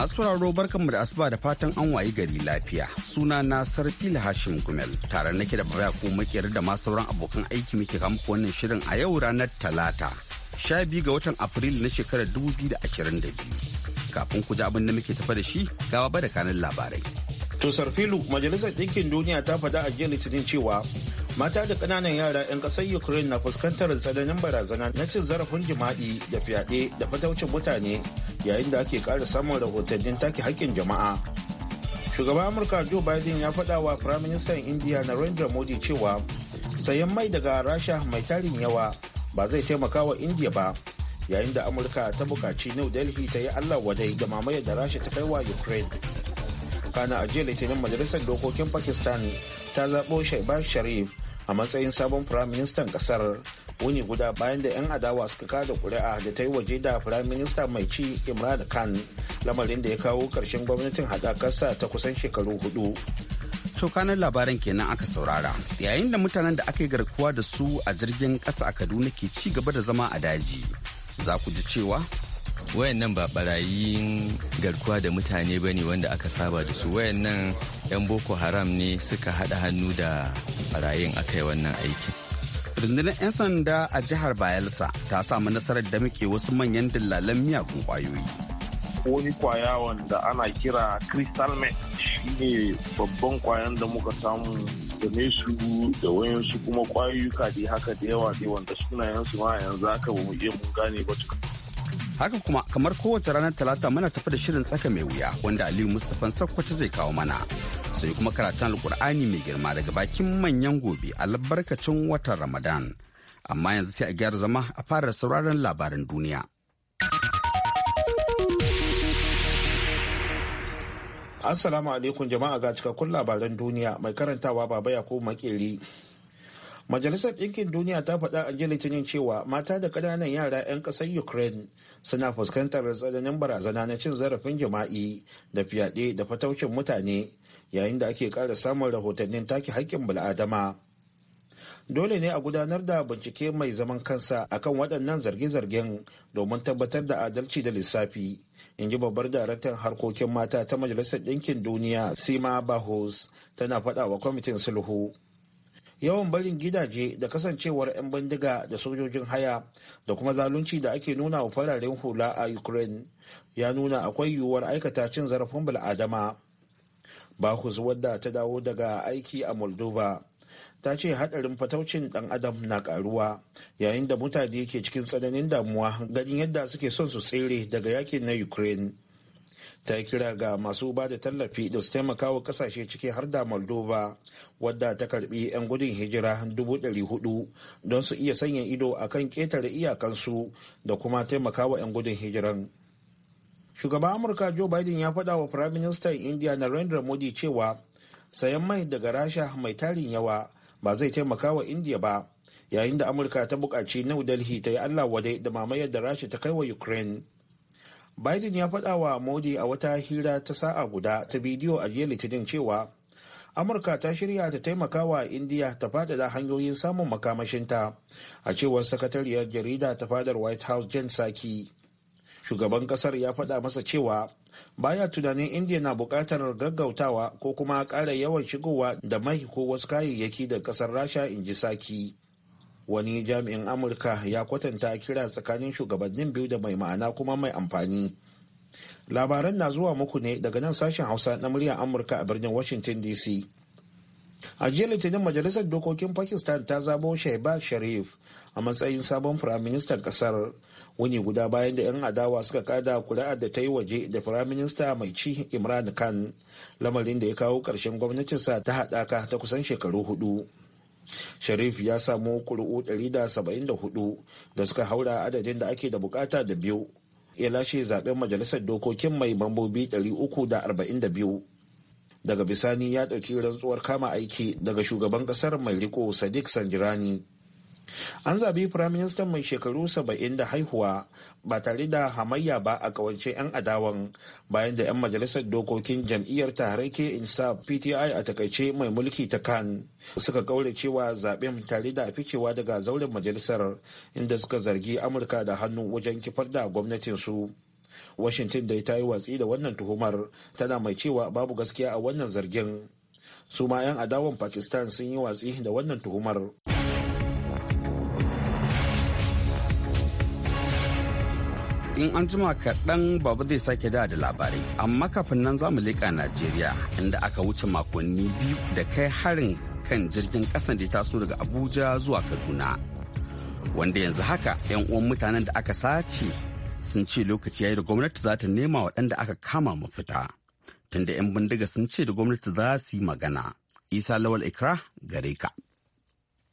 Masu sauraro mu da asuba da fatan an wayi gari lafiya. Suna na Sarfil Hashim Gumel tare nake da baya ko makiyar da ma sauran abokan aiki muke kama wannan shirin a yau ranar Talata. Sha biyu ga watan Afrilu na shekarar 2022. Kafin ku ji abin da muke tafa da shi ga ba da kanin labarai. To Sarfilu Majalisar Ɗinkin Duniya ta faɗa a jiya Litinin cewa mata da ƙananan yara 'yan ƙasar ukraine na fuskantar tsananin barazana na cin zarafin jima'i da fyaɗe da fataucin mutane yayin da ake ƙara samun rahotannin take haƙƙin jama'a shugaban amurka joe biden ya faɗa wa firaministan indiya narendra modi cewa sayan mai daga rasha mai tarin yawa ba zai taimaka wa indiya ba yayin da amurka ta bukaci new delhi ta yi allah wadai da mamayar da rasha ta kai wa ukraine kana a litinin majalisar dokokin pakistan ta zaɓo shaibar sharif a matsayin sabon firaministan kasar wuni guda bayan da 'yan adawa suka kada kuri'a da ta yi waje da firaminista mai ci imran khan lamarin da ya kawo ƙarshen gwamnatin haɗakarsa ta kusan shekaru hudu tokanin labaran kenan aka saurara yayin da mutanen da aka yi garkuwa da su a jirgin ƙasa a kaduna ke ci gaba da zama a daji za ku ji cewa wayannan ba barayin garkuwa da mutane ba ne wanda aka saba da su wayannan 'yan boko haram ne suka haɗa hannu da barayin aka yi wannan aikin rundunar 'yan sanda a jihar bayelsa ta samu nasarar da muke wasu manyan dillalan miyagun kwayoyi wani kwaya wanda ana kira crystal meth shine babban kwayan da muka samu da ne su da wayansu kuma kwayoyuka da haka da yawa ne wanda sunayensu ma yanzu haka ba mu iya mun gane ba Haka kuma kamar kowace ranar talata muna tafi da shirin tsaka mai wuya wanda Aliyu Mustapha Sakkwata zai kawo mana. Sai kuma karatun Alkur'ani mai girma daga bakin manyan gobe a albarkacin watan Ramadan. Amma yanzu sai a gyara zama a fara sauraron labaran duniya. Assalamu alaikum jama'a ga cikakkun labaran duniya mai karantawa baba Yakubu Makeri. Majalisar Ɗinkin Duniya ta faɗa a litinin cewa mata da ƙananan yara 'yan ƙasar Ukraine suna fuskantar tsananin barazana na cin zarafin jima'i da fyaɗe da fataucin mutane yayin da ake ƙara samun rahotannin take haƙƙin bil'adama. Dole ne a gudanar da bincike mai zaman kansa akan waɗannan zarge-zargen domin tabbatar da adalci da lissafi, in ji babbar daraktan harkokin mata ta Majalisar Ɗinkin Duniya Sima Bahos tana faɗa wa kwamitin sulhu. yawan barin gidaje da kasancewar 'yan bindiga da sojojin haya da kuma zalunci da ake nuna wa fararen hula a ukraine ya nuna akwai yiwuwar aikata cin zarafin bil'adama bakus wadda ta dawo daga aiki a moldova ta ce hadarin fataucin dan adam na karuwa yayin da mutane ke cikin tsananin damuwa ganin yadda suke son su tsere daga yakin na ukraine ta yi kira ga masu ba da tallafi da su taimaka wa kasashe ciki har da moldova wadda ta karbi 'yan gudun hijira 400 don su iya sanya ido a kan ƙetare iyakansu da kuma taimaka wa 'yan gudun hijiran shugaban amurka joe biden ya faɗa wa prime minister india narendra modi cewa sayan mai daga rasha mai tarin yawa ba zai taimaka wa india ba yayin da amurka ta buƙaci new delhi ta yi allah wadai da mamayar da rasha ta kai wa ukraine biden ya faɗa wa modi a wata hira ta sa'a guda ta bidiyo a jiya litinin cewa amurka ta shirya ta taimaka wa indiya ta faɗaɗa hanyoyin samun makamashinta a cewar sakatariyar jarida ta fadar white house Jan saki shugaban ƙasar ya faɗa masa cewa baya tunanin indiya na buƙatar gaggautawa ko kuma ƙara yawan shigowa da mai ko wasu kayayyaki da ƙasar rasha in ji saki wani jami'in amurka ya kwatanta kira tsakanin shugabannin biyu da mai ma'ana kuma mai amfani labaran na zuwa muku ne daga nan sashen hausa na muryar amurka a birnin washington dc a jiya litinin majalisar dokokin pakistan ta zabo shaiba sharif a matsayin sabon firaministan kasar wuni guda bayan da 'yan adawa suka kada kuri'ar da ta yi waje da firaminista mai ci imran khan lamarin da ya kawo ƙarshen gwamnatinsa ta haɗaka ta kusan shekaru hudu sharif ya samu kuri'u 174 da suka haura adadin da ake da bukata da biyu ya lashe zaben majalisar dokokin mai mambobi 342 daga bisani ya ɗauki rantsuwar kama aiki daga shugaban ƙasar mai riko sadiq sanjirani An zabi firaministan mai shekaru saba'in da haihuwa ba tare da hamayya ba a kawance 'yan adawan bayan da 'yan majalisar dokokin jam'iyyar taharake insaf pti a takaice mai mulki ta kan suka kaure cewa zaben tare da ficewa daga zauren majalisar inda suka zargi amurka da hannu wajen kifar da gwamnatinsu washington dai ta yi watsi da wannan tuhumar tana mai cewa babu gaskiya a wannan zargin su ma 'yan adawan pakistan sun yi watsi da wannan tuhumar. in an jima kaɗan babu zai sake da da labarai amma kafin nan zamu leƙa najeriya inda aka wuce makonni biyu da kai harin kan jirgin ƙasan da ya taso daga abuja zuwa kaduna wanda yanzu haka 'yan uwan mutanen da aka sace sun ce lokaci yayi da gwamnati za ta nema waɗanda aka kama mafita tunda 'yan bindiga sun ce da gwamnati za su yi magana isa lawal ikra gare ka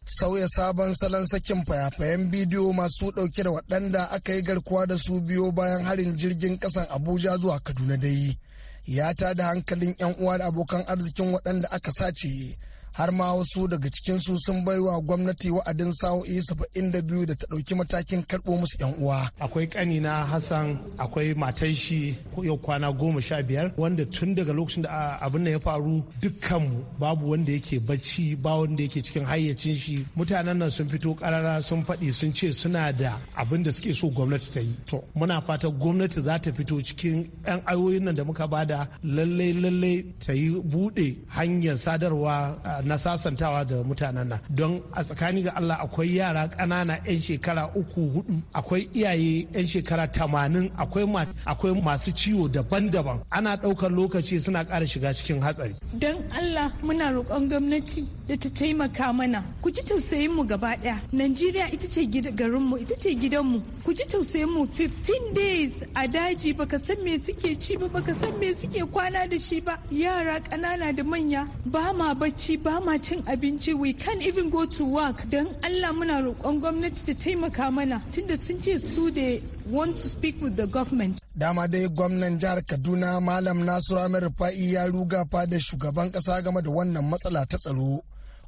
sauya sabon salon sakin fayafayen bidiyo masu dauke da waɗanda aka yi garkuwa da su biyo bayan harin jirgin ƙasan abuja zuwa kaduna dai ya ta da hankalin 'yan uwa da abokan arzikin waɗanda aka sace har ma wasu daga cikinsu sun baiwa gwamnati wa'adin sa'o'i saba'in da biyu da ta ɗauki matakin karɓo musu yan uwa. Akwai kanina Hassan akwai matan shi yau kwana goma sha biyar wanda tun daga lokacin da ah, abin da ya faru dukkanmu babu wanda yake bacci ba wanda yake cikin hayyacin shi mutanen nan sun fito karara sun faɗi sun ce suna da abin da suke so gwamnati ta yi. To muna fatan gwamnati za ta fito cikin 'yan ayoyin nan da muka bada lallai lallai ta yi buɗe hanyar sadarwa ah, na sasantawa da mutanen nan don a tsakani ga Allah akwai yara kanana 'yan shekara uku hudu akwai iyaye 'yan shekara tamanin akwai masu ciwo daban-daban ana ɗaukar lokaci suna ƙara shiga cikin hatsari. Don Allah muna roƙon gwamnati da ta taimaka mana ku ji tausayin mu gaba ɗaya Najeriya ita ce garinmu ita ce gidanmu ku ji tausayin mu 15 days a daji baka san me suke ci ba baka san me suke kwana da shi ba yara ƙanana da manya ba ma bacci ba cin abinci we can even go to work don allah muna roƙon gwamnati ta taimaka mana tunda sun ce su da want to speak with the government dama dai gwamnan jihar kaduna malam nasiru amir rufa'i ya ruga da shugaban kasa game da wannan matsala ta tsaro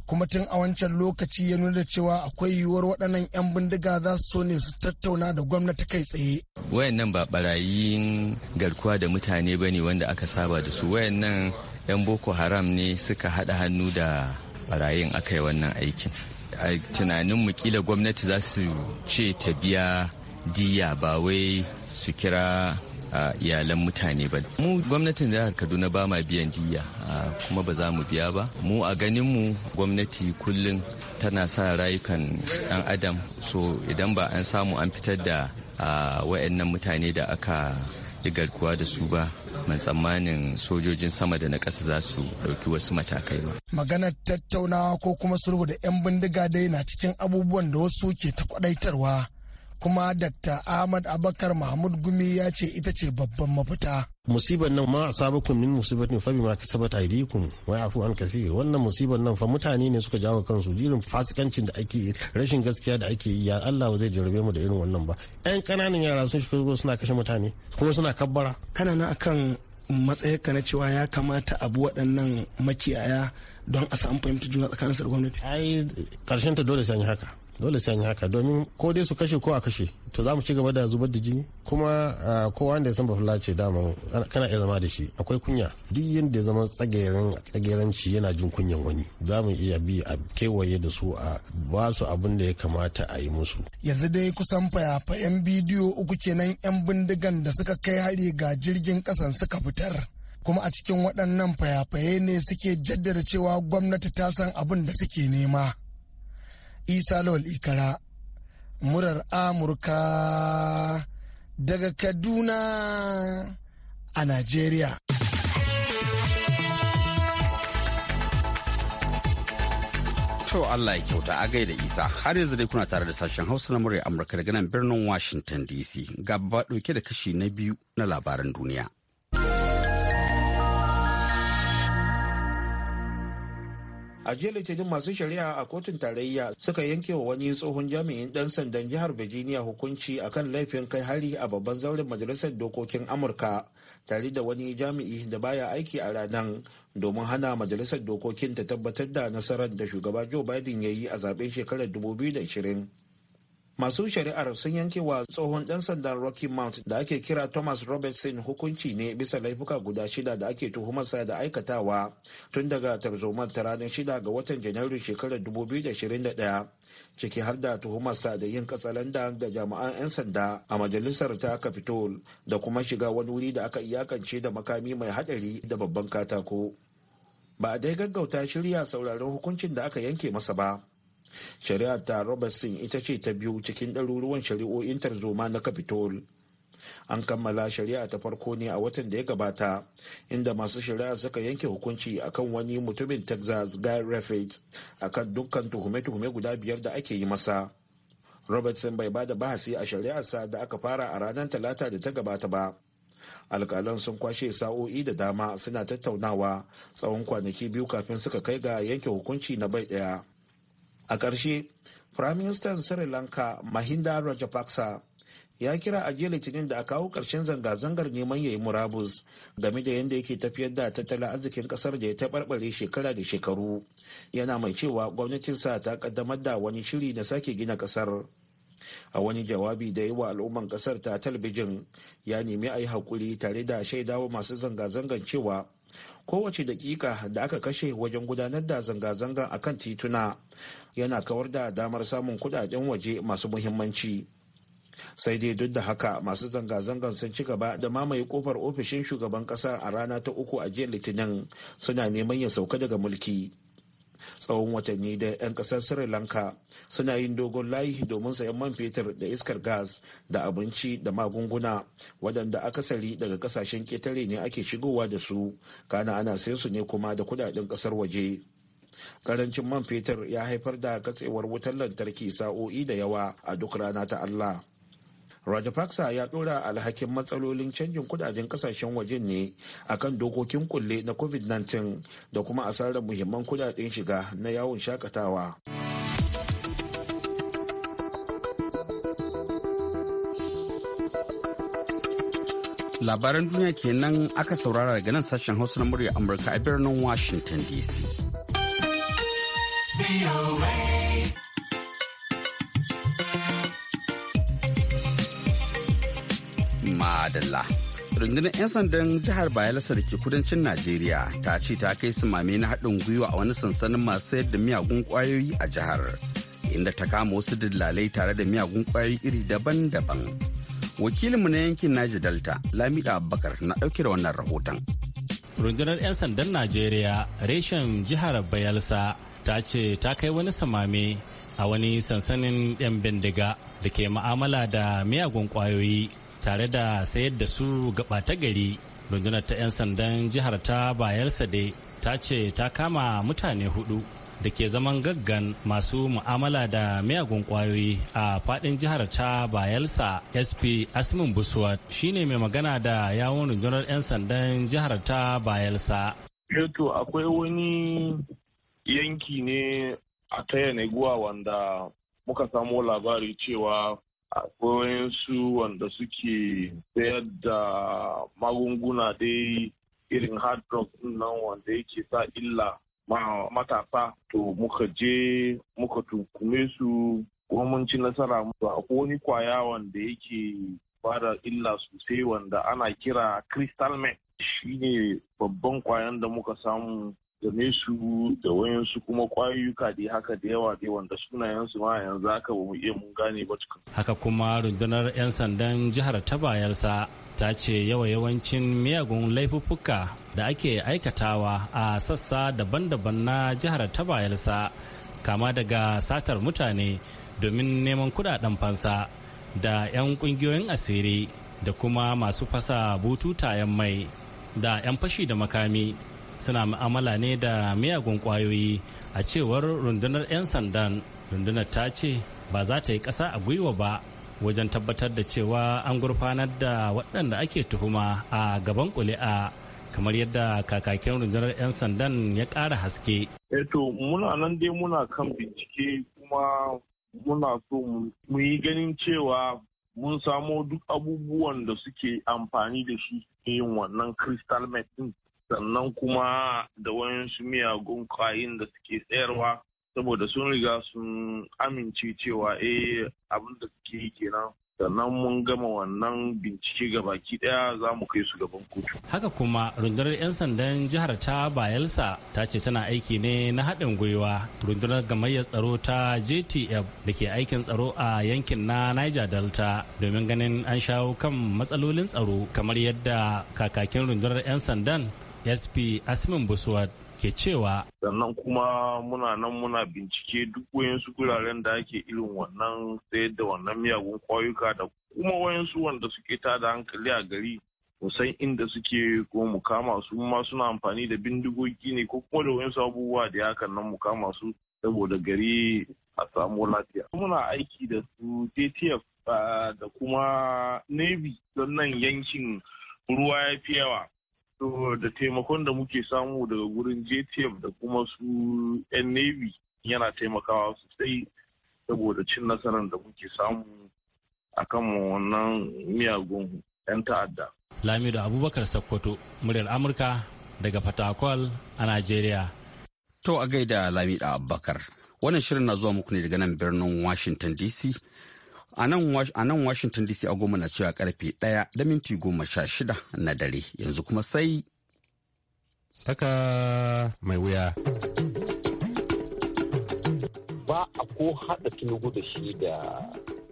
kuma tun a wancan lokaci ya nuna cewa akwai yiwuwar waɗannan 'yan bindiga za su so ne su tattauna da gwamnati kai tsaye. wayannan ba barayin garkuwa da mutane ba ne wanda aka saba da su wayannan 'yan boko haram ne suka haɗa hannu da barayin aka yi wannan aikin a tunaninmu kila gwamnati za su ce ta biya diya ba wai su kira a iyalan mutane ba mu gwamnatin jihar kaduna ba ma biyan diya kuma ba za mu biya ba mu a ganinmu gwamnati kullum tana sa rayukan ɗan adam so idan ba an samu an fitar da wa'annan mutane da aka yi garkuwa da su ba mai tsammanin sojojin sama da na ƙasa za su ɗauki wasu matakai ba. Maganar tattaunawa ko kuma sulhu da 'yan bindiga dai na cikin abubuwan da wasu ke ta kwadaitarwa kuma Dr. Ahmad Abakar Mahmud Gumi ya ce ita ce babban mafita. musibar nan ma asabakum min musibatin fa bima yi aydikum wai afu an kaseer wannan musibar nan fa mutane ne suka jawo kansu jirin fasikancin da ake rashin gaskiya da ake yi ya Allah ba zai jarabe mu da irin wannan ba Yan kananan yara sun shiga suna kashe mutane kuma suna kabbara kana na akan matsayarka na cewa ya kamata a bi waɗannan makiyaya don a samu fahimtar juna su da gwamnati ai karshen ta dole sai haka dole sai an haka domin ko dai su kashe ko a kashe to za mu ci gaba da zubar da jini kuma kowa wanda ya san bafula ce dama kana iya zama da shi akwai kunya duk yadda ya zama tsageren tsageranci yana jin kunyan wani za mu iya bi a kewaye da su a ba su abin da ya kamata a yi musu yanzu dai kusan fayafayen bidiyo uku kenan yan bindigan da suka kai hari ga jirgin kasan suka fitar kuma a cikin waɗannan fayafaye ne suke jaddada cewa gwamnati ta san abin da suke nema isa lawal ikara murar amurka daga kaduna a najeriya To Allah ya kyauta a gaida Isa har yanzu dai kuna tare da sashen Hausa na murya Amurka daga nan birnin Washington DC gaba ɗauke da kashi na biyu na labaran duniya. a jiya litinin masu shari'a a kotun tarayya suka yanke wa wani tsohon jami'in dan sandan jihar virginia hukunci akan laifin kai hari a babban zauren majalisar dokokin amurka tare da wani jami'i da baya aiki a ranar domin hana majalisar dokokin ta tabbatar da nasarar da shugaba joe biden ya yi a zaben shekarar 2020 masu shari'ar sun yanke wa tsohon ɗan sandan rocky mount da ake kira thomas robertson hukunci ne bisa laifuka guda shida da ake tuhumarsa da aikatawa tun daga tarzoman ta ranar shida ga watan janairu shekarar 2021 ciki har da tuhumarsa da yin katsalanda ga jami'an 'yan sanda a majalisar ta capitol da kuma shiga wani wuri da aka iyakance da makami mai hadari da babban katako ba a dai gaggauta shirya sauraron hukuncin da aka yanke masa ba shari'ar ta robertson ita ce ta biyu cikin ɗaruruwan shari'o'in tarzoma na capitol an kammala shari'a ta farko ne a watan da ya gabata inda masu shari'a suka yanke hukunci akan wani mutumin texas guy raffet akan dukkan tuhume-tuhume guda biyar da ake yi masa robertson bai bada bahasi a shari'arsa da aka fara a ranar talata da ta gabata ba alkalan sun kwashe sa'o'i da dama suna tattaunawa tsawon kwanaki biyu kafin suka kai ga yanke hukunci na bai ɗaya a ƙarshe firaministan sri lanka mahinda rajapaksa ya kira a jiya litinin da a kawo ƙarshen zanga-zangar neman ya yi murabus game da yadda yake tafiyar da tattalin arzikin ƙasar da ya taɓarɓare shekara da shekaru yana mai cewa gwamnatinsa ta ƙaddamar da wani shiri na sake gina ƙasar a wani jawabi da yawa wa al'umman ƙasar ta talabijin ya nemi a yi haƙuri tare da shaidawa masu zanga-zangar cewa kowace dakika da aka kashe wajen gudanar da zanga a kan tituna yana kawar da damar samun kudaden waje masu muhimmanci sai dai duk da haka masu zanga-zangar sun ci gaba da mamaye kofar ofishin shugaban kasa a rana ta uku a jiya litinin suna neman ya sauka daga mulki tsawon watanni da 'yan kasar sri lanka suna yin dogon layi domin sayan man fetur da iskar gas da abinci da magunguna waɗanda akasari daga kasashen ketare ne ake shigowa da su kana ana sayan su ne kuma da kudaden ƙasar waje karancin man fetur ya haifar da katsewar wutar lantarki sa'o'i da yawa a duk rana ta allah Rajapaksa ya dora alhakin matsalolin canjin kudaden kasashen waje ne akan dokokin kulle na COVID-19 da kuma asarar muhimman kudaden shiga na yawon shakatawa. Labaran duniya kenan aka saurara daga nan sashen Hausa na murya Amurka a birnin Washington DC. Adalla. rundunar 'yan sandan jihar bayelsa da ke kudancin najeriya ta ce ta kai sumame na haɗin gwiwa a wani sansanin masu sayar da miyagun ƙwayoyi a jihar inda ta kama wasu dillalai tare da miyagun ƙwayoyi iri daban-daban wakilinmu na yankin naji delta lamida abubakar na ɗauke da wannan rahoton rundunar 'yan sandan najeriya reshen jihar bayelsa ta ce ta kai wani samame a wani sansanin 'yan bindiga da ke ma'amala da miyagun ƙwayoyi tare da sayar da su gaba ta gari rundunar ta 'yan sandan jihar ta bayelsa dai ta ce ta kama mutane hudu da ke zaman gaggan masu mu'amala da miyagun kwayoyi a fadin jihar ta bayelsa sp asmin buswat shine mai magana da yawon rundunar 'yan sandan jihar ta bayelsa eh to akwai wani yanki ne a ta guwa wanda muka samo labari cewa akwai su wanda suke sayar da magunguna dai irin hard drug nan wanda yake sa illa matasa to muka je muka tukume su kuma mun ci nasara musu akwai wani kwaya wanda yake bada illa sosai wanda ana kira crystal meth shine babban kwayan da muka samu game su da wayansu kuma kwayuka dai haka da yawa dai wanda sunayensu ma yanzu haka ba mu iya mun gane ba haka kuma rundunar 'yan sandan jihar ta bayarsa ta ce yawa yawancin miyagun laifuffuka da ake aikatawa a sassa daban-daban na jihar ta bayarsa kama daga satar mutane domin neman kudaden fansa da 'yan kungiyoyin asiri da kuma masu fasa bututayen mai da 'yan fashi da makami suna mu'amala ne da miyagun kwayoyi a cewar rundunar 'yan sandan rundunar ta ce ba za ta yi ƙasa a gwiwa ba wajen tabbatar da cewa an gurfanar da waɗanda ake tuhuma a gaban kuli'a kamar yadda kakakin rundunar 'yan sandan ya ƙara haske. eto eh muna nan dai muna kan bincike kuma muna so mu yi ganin cewa mun samo duk abubuwan da suke amfani da shi yin wannan crystal meth sannan kuma da wayansu miyagun kwayin da suke tsayarwa saboda sun riga sun amince cewa eh abin da suke yi kenan sannan mun gama wannan bincike ga baki daya za mu kai su gaban kotu. Haka kuma rundunar 'yan sandan jihar ta Bayelsa ta ce tana aiki ne na haɗin gwiwa rundunar gamayyar tsaro ta JTF da ke aikin tsaro a yankin na Niger Delta domin ganin an shawo kan matsalolin tsaro kamar yadda kakakin rundunar 'yan sandan sp asmin buswad ke cewa sannan kuma muna nan muna bincike duk wayansu guraren da ake irin wannan sayar da wannan miyagun kwayuka da kuma wayansu wanda suke ta tada hankali a gari musan inda suke ko mukama su ma suna amfani da bindigogi ne ko kuma da wayansu abubuwa da ya nan mukama su saboda gari a samu lafiya muna aiki da su ttf ah, da kuma navy don yankin ruwa ya fi yawa da taimakon da muke samu daga gurin JTF da kuma su 'yan Navy yana taimakawa sosai saboda cin nasarar da muke samu a kan wannan miyagun 'yan ta'adda. Lamido Abubakar Sakkwato, muryar Amurka daga Fatakwal a Najeriya. To a gaida Lamido Abubakar. Wannan shirin na zuwa muku ne daga nan birnin Washington DC a nan washington dc agogo na cewa karfe ɗaya da minti goma shida na dare yanzu kuma sai tsaka mai wuya ba a ko haɗa tunugu da shi da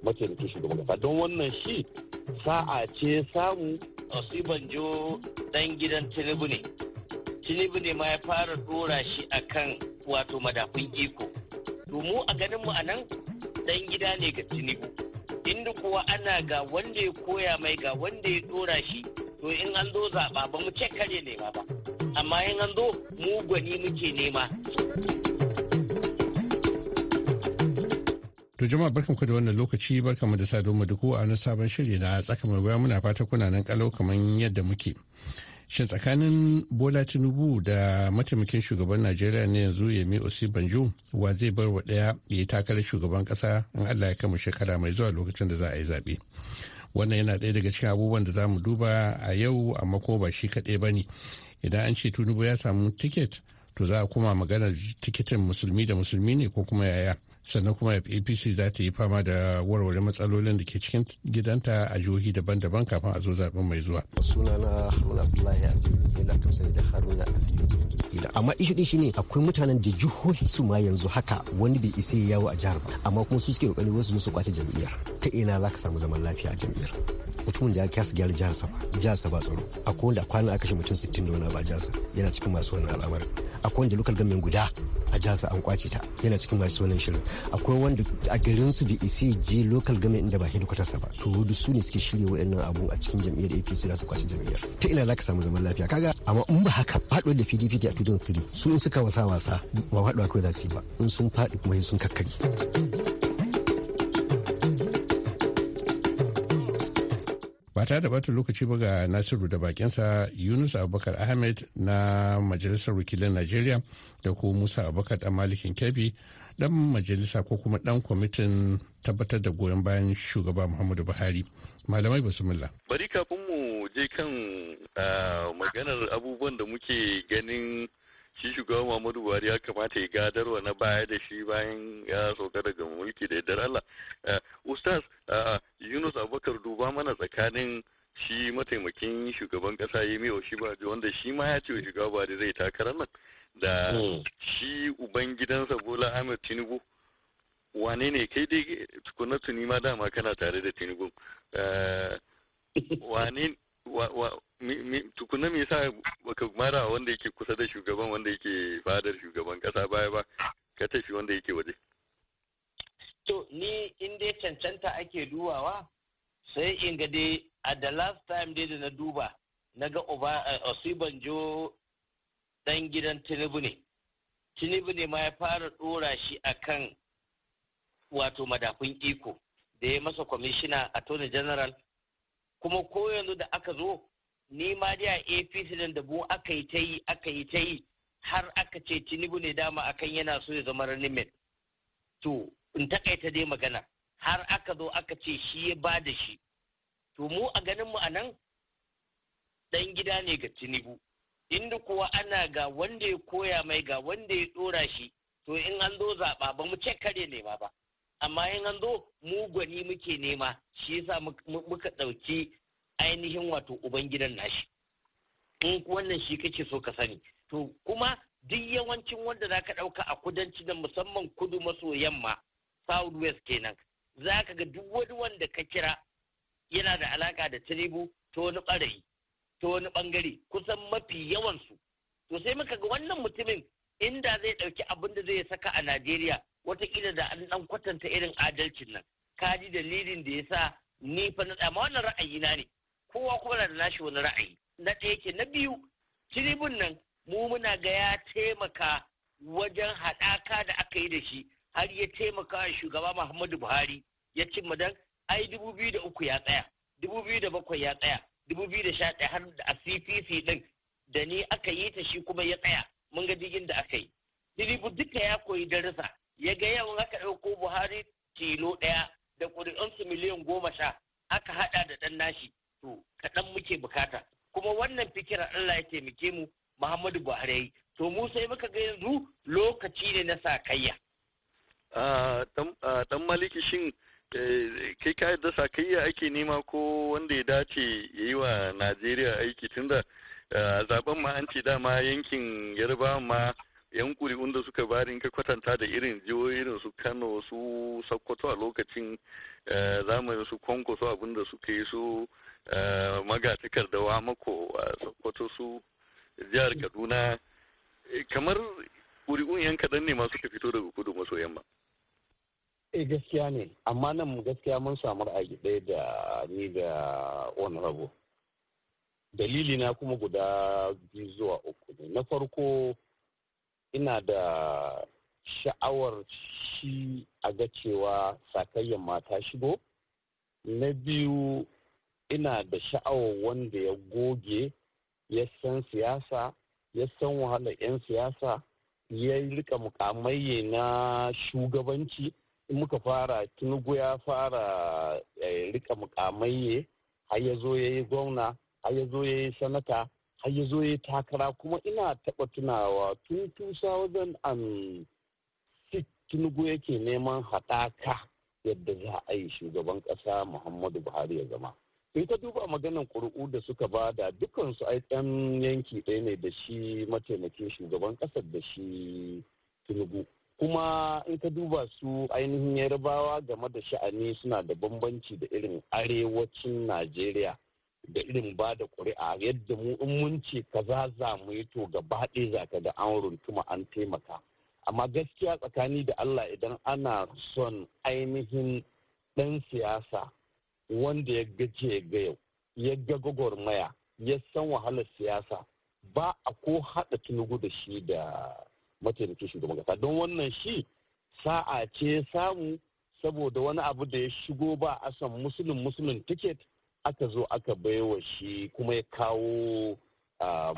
mataimakin shugaban kasa don wannan shi sa'a ce samu banjo dan gidan tinubu ne tinubu ne ma ya fara dora shi akan wato madafun iko domin a ganin mu a nan dan gida ne ga tinubu inda kuwa ana ga wanda ya koya mai ga wanda ya dora shi to in an zo zaɓa ba mu kare nema ba amma in an zo mu gwani muke nema. To jama'a barkan ku da wannan lokaci barkan mu da sadu mu duku a wani sabon shiri na tsaka mai muna fata kuna nan kalau kamar yadda muke. shin tsakanin bola tinubu da mataimakin shugaban najeriya ne yanzu yemi osibanjo wa zai bar wa daya ya yi takarar shugaban kasa in allah ya kama shekara mai zuwa lokacin da za a yi zaɓe wannan yana ɗaya daga cikin abubuwan da za mu duba a yau amma ko ba shi kaɗai ba ne idan an ce tinubu ya samu tiket to za a kuma maganar tikitin musulmi da musulmi ne ko kuma yaya sannan kuma apc za ta yi fama da warware matsalolin da ke cikin gidanta a jihohi daban-daban kafin a zo zaben mai zuwa sunana haruna abdullahi aliyu da da haruna amma ishu din shine akwai mutanen da jihohi su ma yanzu haka wani bai isa yawo a jihar ba amma kuma su suke kokari wasu su kwace jam'iyyar ta ina za ka samu zaman lafiya a jam'iyyar mutumin da ya kasa gyara jihar sa ba jihar sa ba tsaro akwai wanda kwana aka kashe mutum sittin da wani ba jihar sa yana cikin masu wannan al'amarin akwai wanda lokal gamin guda a jihar an kwace ta yana cikin masu wannan shirin akwai wanda a garin su da isi je local government inda ba hedikwatarsa ba to wadu su ne suke shirya wa'annan abu a cikin jam'iyyar APC za su kwace jam'iyyar ta ina ka samu zaman lafiya kaga amma in ba haka faɗo da PDP a 2003 su in suka wasa wasa ba faɗo akwai za su yi ba in sun faɗi kuma sun kakkari. ta da bata lokaci ba ga nasiru da bakinsa yunus abubakar ahmed na majalisar wakilin najeriya da ko musa abubakar dan malikin kebbi dan majalisa ko kuma dan kwamitin tabbatar da goyon bayan shugaba muhammadu buhari malamai bismillah bari kafin mu je kan ah, maganar abubuwan da muke ganin shi shugaban Muhammadu Buhari ya kamata ya gadarwa na baya da shi bayan ya sauka daga mulki da yadda Allah. Eh, Ustaz eh, Yunus Abubakar duba mana tsakanin shi mataimakin shugaban kasa ya shi ba wanda shi ma ya ce wa shugaban Buhari zai takarar nan da hmm. shi uban gidansa Bola Ahmed Tinubu wane ne kai dai tukuna tuni ma dama kana tare da Tinubu eh, tukuna me yasa baka mara wanda yake kusa da shugaban wanda yake fadar shugaban kasa baya ba ka tafi wanda yake waje to ni in dai cancanta ake duwawa sai in ga dai at the last time dai da na duba na ga eh, jo dan gidan Tinubu ne Tinubu ne ma ya fara dora shi a kan wato madafun iko da ya masa kwamishina attorney general kuma ko yanzu da aka zo ni ma dai a apc nan da bu aka yi ta yi aka yi ta yi har aka ce tinubu ne dama akan yana so ya zama running mate to in takaita dai magana har aka zo aka ce shi ya ba da shi to mu a ganin mu anan dan gida ne ga tinubu inda kuwa ana ga wanda ya koya mai ga wanda ya dora shi to in an zo zaɓa ba mu ce kare ne ma ba amma yin an zo muke nema shi yasa muka ɗauki ainihin wato ubangidan nashi in wannan shi kake so ka sani to kuma duk yawancin wanda zaka ɗauka a kudanci da musamman kudu maso yamma south west kenan zaka ga duk wani wanda ka kira yana da alaka da tribu ta wani ɓarayi ta wani ɓangare kusan mafi yawansu to sai muka ga wannan mutumin inda zai ɗauki abin da zai saka a najeriya watakila da an dan kwatanta irin adalcin nan ka ji dalilin da yasa ni fa na amma wannan ra'ayi na ne kowa kuma na da nashi wani ra'ayi na ɗaya ke na biyu tiribun nan mu muna ga ya taimaka wajen haɗaka da aka yi da shi har ya taimaka shugaba Muhammadu Buhari ya ci dan ai dubu biyu da uku ya tsaya dubu biyu da bakwai ya tsaya dubu biyu da sha ɗaya har a CPC ɗin da ni aka yi ta shi kuma ya tsaya mun ga digin da aka yi. Diribu duka ya koyi darasa. ya ga yawan aka ɗauko buhari tilo ɗaya da ƙuri'unsu miliyan goma sha aka haɗa da ɗan nashi to kaɗan muke bukata kuma wannan fikira allah ya taimake mu muhammadu buhari ya yi to mu sai muka ga yanzu lokaci ne na sa kayya. ɗan maliki shin eh, kai ka yadda sa kayya ake nema ko wanda ya dace ya yi wa najeriya aiki tunda eh, zaben ma an ce dama yankin yarbawa ma yan kuri'un da suka bari in ka kwatanta da irin jihohin su kano su sokoto a lokacin eh, zamanin su kwankwaso su abinda suka yi su eh, magatakar da wamako a sokoto su jihar kaduna eh, kamar kuri'un yan kaɗan ne masu ka fito daga kudu maso yamma eh gaskiya ne amma nan gaskiya mun samu ra'ayi ɗaya da ni da honorable dalili na kuma guda biyu zuwa uku ne na farko ina da sha'awar shi a ga cewa sakayyar mata shigo na biyu ina da sha'awar wanda ya goge ya san siyasa ya san wahalar 'yan siyasa ya rika mukamaiye na shugabanci in muka fara tinubu ya fara ya eh, rika mukamaiye har ya zo ya yi gwamna har ya zo ya yi sanata har ya zo ya takara kuma ina taɓa tunawa tun 2006 tunugu yake neman haɗaka yadda za a yi shugaban ƙasa muhammadu buhari ya zama in ka duba maganan ƙuri'u da suka ba da dukansu ai ɗan yanki ɗaya ne da shi mataimakin shugaban ƙasar da shi tunugu kuma in ka duba su ainihin yarbawa game da sha'ani suna da bambanci da irin arewacin najeriya da irin ba da ƙuri'a yadda mu in mun ce kaza za mu yi to gaba ɗaya za ka ga an runtuma an taimaka amma gaskiya tsakani da Allah idan ana son ainihin ɗan siyasa wanda ya gaje ga yau ya ga gwagwarmaya ya san wahalar siyasa ba a ko haɗa tunugu da shi da mataimakin shugaban kasa don wannan shi sa'a ce samu saboda wani abu da ya shigo ba a san musulun musulun tiket aka zo aka baiwa shi kuma ya kawo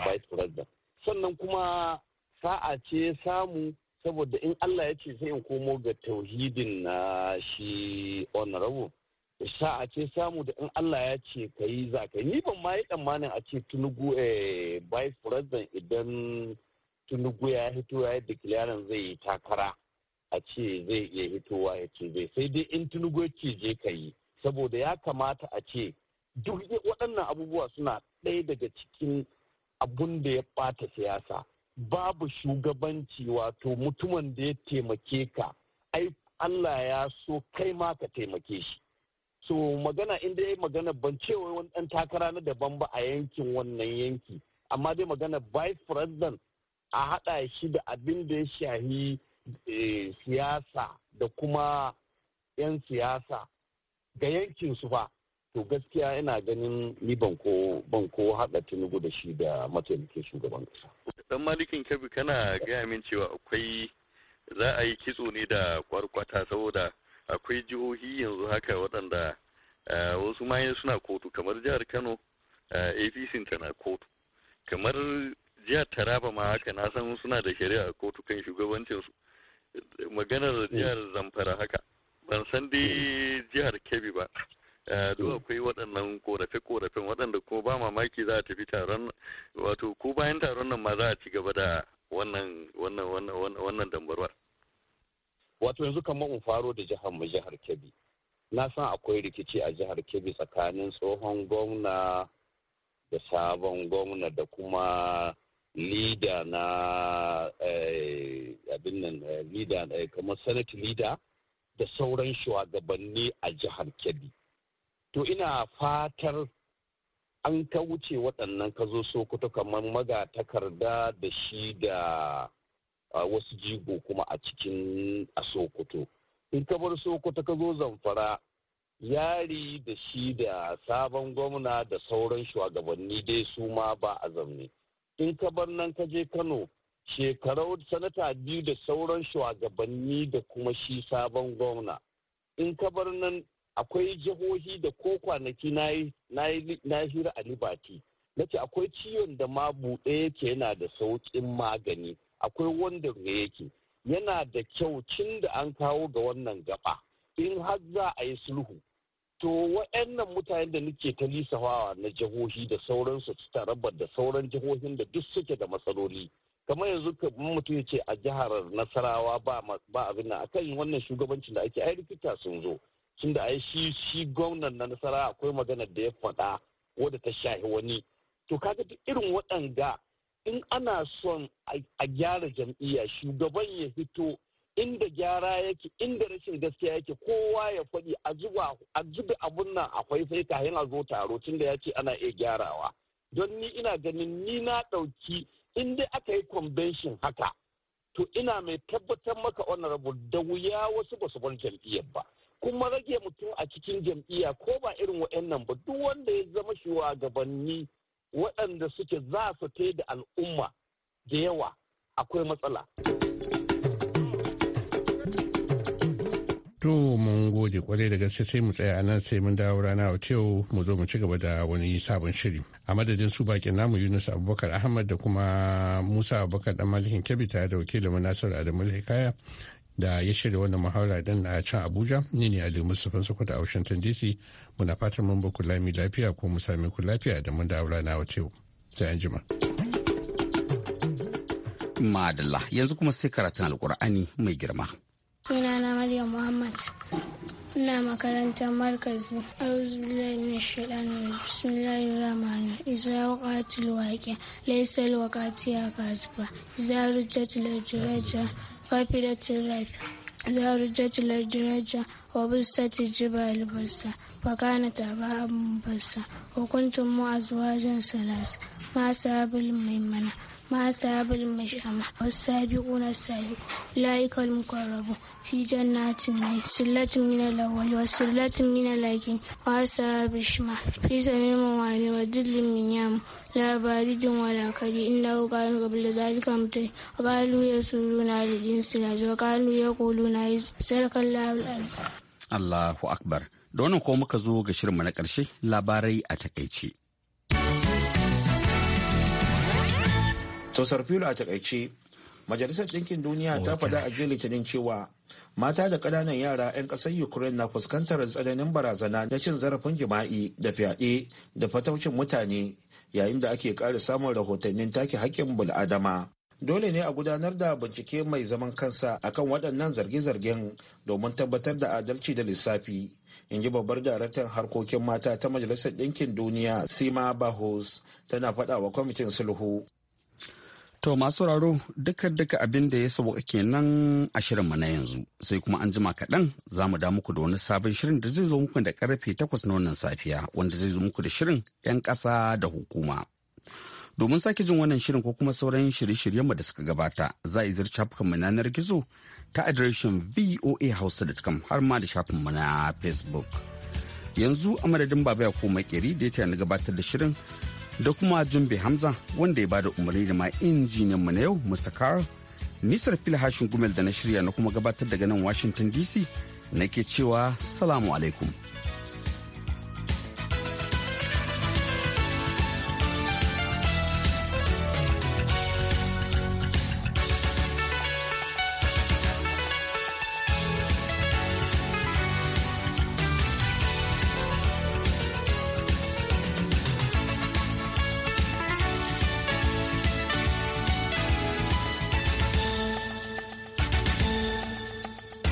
vice president sannan kuma sa'a ce samu saboda in Allah ya ce sai in komo ga tauhidin na shi honorable sa'a ce samu da in Allah ya ce ka yi za ka ni ban ma yi tsammanin a ce tunugu eh, vice president idan tunugu ya hito ya yi declaring zai yi takara a ce zai iya hitowa ya ce zai sai dai in tunugu ya ce je ka yi saboda ya kamata a ce duk waɗannan abubuwa suna ɗaya daga cikin abun da ya ɓata siyasa babu shugabanci wato mutumin da ya taimake ka ai Allah ya so kai ma ka taimake shi so magana inda ya yi magana ban cewa wani ɗan takara na daban ba a yankin wannan yanki amma dai magana vice president a haɗa shi da abin da ya shahi eh, siyasa da kuma 'yan siyasa ga yankin su ba to gaskiya ina ganin ni banko banko haɗa tinubu da shi da mataimakin shugaban ƙasa. dan malikin kabi kana gaya min cewa akwai za a yi kitso ne da kwarkwata saboda akwai jihohi yanzu haka waɗanda eh, wasu mayan suna kotu kamar jihar kano eh, apc tana kotu kamar jihar taraba ma haka na san suna da shari'a a kotu kan shugabancinsu maganar jihar zamfara haka ban san dai hmm. jihar kebbi ba Eh, duk mm. akwai waɗannan korafe-korafen waɗanda kuma ba mamaki za a tafi taron wato ko bayan taron nan ma za a ci gaba da wannan wannan wannan wannan Wato yanzu kamar mu faro da jihar mu jihar Kebbi. Na san akwai rikici a jihar Kebbi tsakanin tsohon gwamna da sabon gwamna da kuma lida na eh, abin nan eh, lida kamar senate lida da sauran shugabanni a jihar Kebbi. to ina fatar an ka wuce waɗannan ka zo sokoto kamar magatakarda da shi da wasu jigo kuma a cikin a sokoto in ka bar sokoto ka zo zamfara yari da shi da sabon gwamna da sauran shugabanni dai su ma ba a zamne in ka bar nan ka je kano shekarau sanata biyu da sauran shugabanni da kuma shi sabon gwamna in ka bar nan akwai jihohi da ko kwanaki na hira a libati na akwai ciwon da ma buɗe yake yana da sauƙin magani akwai wanda ne yake yana da kyau cin da an kawo ga wannan gaba in har za a yi sulhu to wa'annan mutanen da nake ta lisafawa na jihohi da sauransu su rabar da sauran jihohin da duk suke da matsaloli kamar yanzu mutum ya ce a jihar nasarawa ba abin nan akan wannan shugabancin da ake ai rikita sun zo tun da shi shi gwamnan na nasara akwai magana da ya faɗa wadda ta shahi wani to kaga duk irin waɗanga in ana son a gyara jam'iyya shugaban ya fito inda gyara yake inda rashin gaskiya yake kowa ya faɗi a zuba abun nan akwai faifai kayan a zo taro tun da ya ce ana iya gyarawa don ni ina ganin ni na ɗauki in aka yi convention haka to ina mai tabbatar maka honorable da wuya wasu ba su bar jam'iyyar ba kuma rage mutum a cikin jam'iyya ko ba irin waɗannan ba duk wanda ya zama shugabanni waɗanda suke za su ta da al'umma da yawa akwai matsala. To mun gode kwarai da gaske sai mu tsaya nan sai mun dawo rana a yau mu zo mu ci gaba da wani sabon shiri. A madadin su bakin namu Yunus Abubakar Ahmad da kuma Musa Abubakar dan Malikin Kebbi tare da wakilin Nasiru Adamu Hikaya. da ya shirya wannan muhawara din a can abuja ni ne ali mustapha sokoto a washington dc muna fatan mun ba ku lami lafiya ko mu sami ku lafiya da mun da na wace sai an jima madalla yanzu kuma sai karatun alkur'ani mai girma na maryam muhammad ina makarantar markazi auzubillahi shaitanir bismillahir rahmanir iza waqatil waqi'a laysa alwaqati ya kaziba iza rujjatil rajja Fafida Tilet, Zahar Jaji Lajiraja, Wabin Sati Jiba Albasa, Fakana Taba Ambasa, Hukuntun Mu Azuwajen Salas, Masa Abil Maimana, Masa Abil Mashama, Wasa Biyu Kuna Sayu, Laikal Mukarrabu, fi jannatin mai sullatin mina lawali wa sullatin mina laikin wa sarabishma fi same mu wani wa dillin minyam labari jin In inda ku kano gabar da zarika mutane a kano ya suru na jirgin suna jika kano ya kulu labarai allahu akbar da wani kuma muka zo ga shirin na karshe labarai a takaice Tosar fiyu a takaice majalisar ɗinkin duniya ta faɗa a jiya litinin cewa mata da ƙananan yara 'yan ƙasar ukraine na fuskantar tsananin barazana na cin zarafin jima'i da fyaɗe da fataucin mutane yayin da ake ƙara samun rahotannin take haƙƙin bul'adama dole ne a gudanar da bincike mai zaman kansa akan waɗannan zarge-zargen domin tabbatar da adalci da lissafi in ji babbar daraktan harkokin mata ta majalisar ɗinkin duniya sima bahus tana faɗa wa kwamitin sulhu To masu sauraro duka-duka abin da ya sauka kenan a shirinmu na yanzu sai kuma an jima kaɗan za mu da muku da wani sabon shirin da zai zo muku da karfe takwas na wannan safiya wanda zai zo muku da shirin 'yan ƙasa da hukuma. Domin sake jin wannan shirin ko kuma sauran shirye-shiryenmu da suka gabata za a zirce mu na yanar gizo ta adireshin voahouse.com har ma da shafin mu na Facebook. Yanzu a madadin Baba Yakubu Makeri da ya gabatar da shirin da kuma Jumbe Hamza wanda ya bada umarni da ma injiniyan mu na yau Mr. nisar Nisar filhashin gumel da na shirya na kuma gabatar daga nan Washington DC nake cewa salamu alaikum.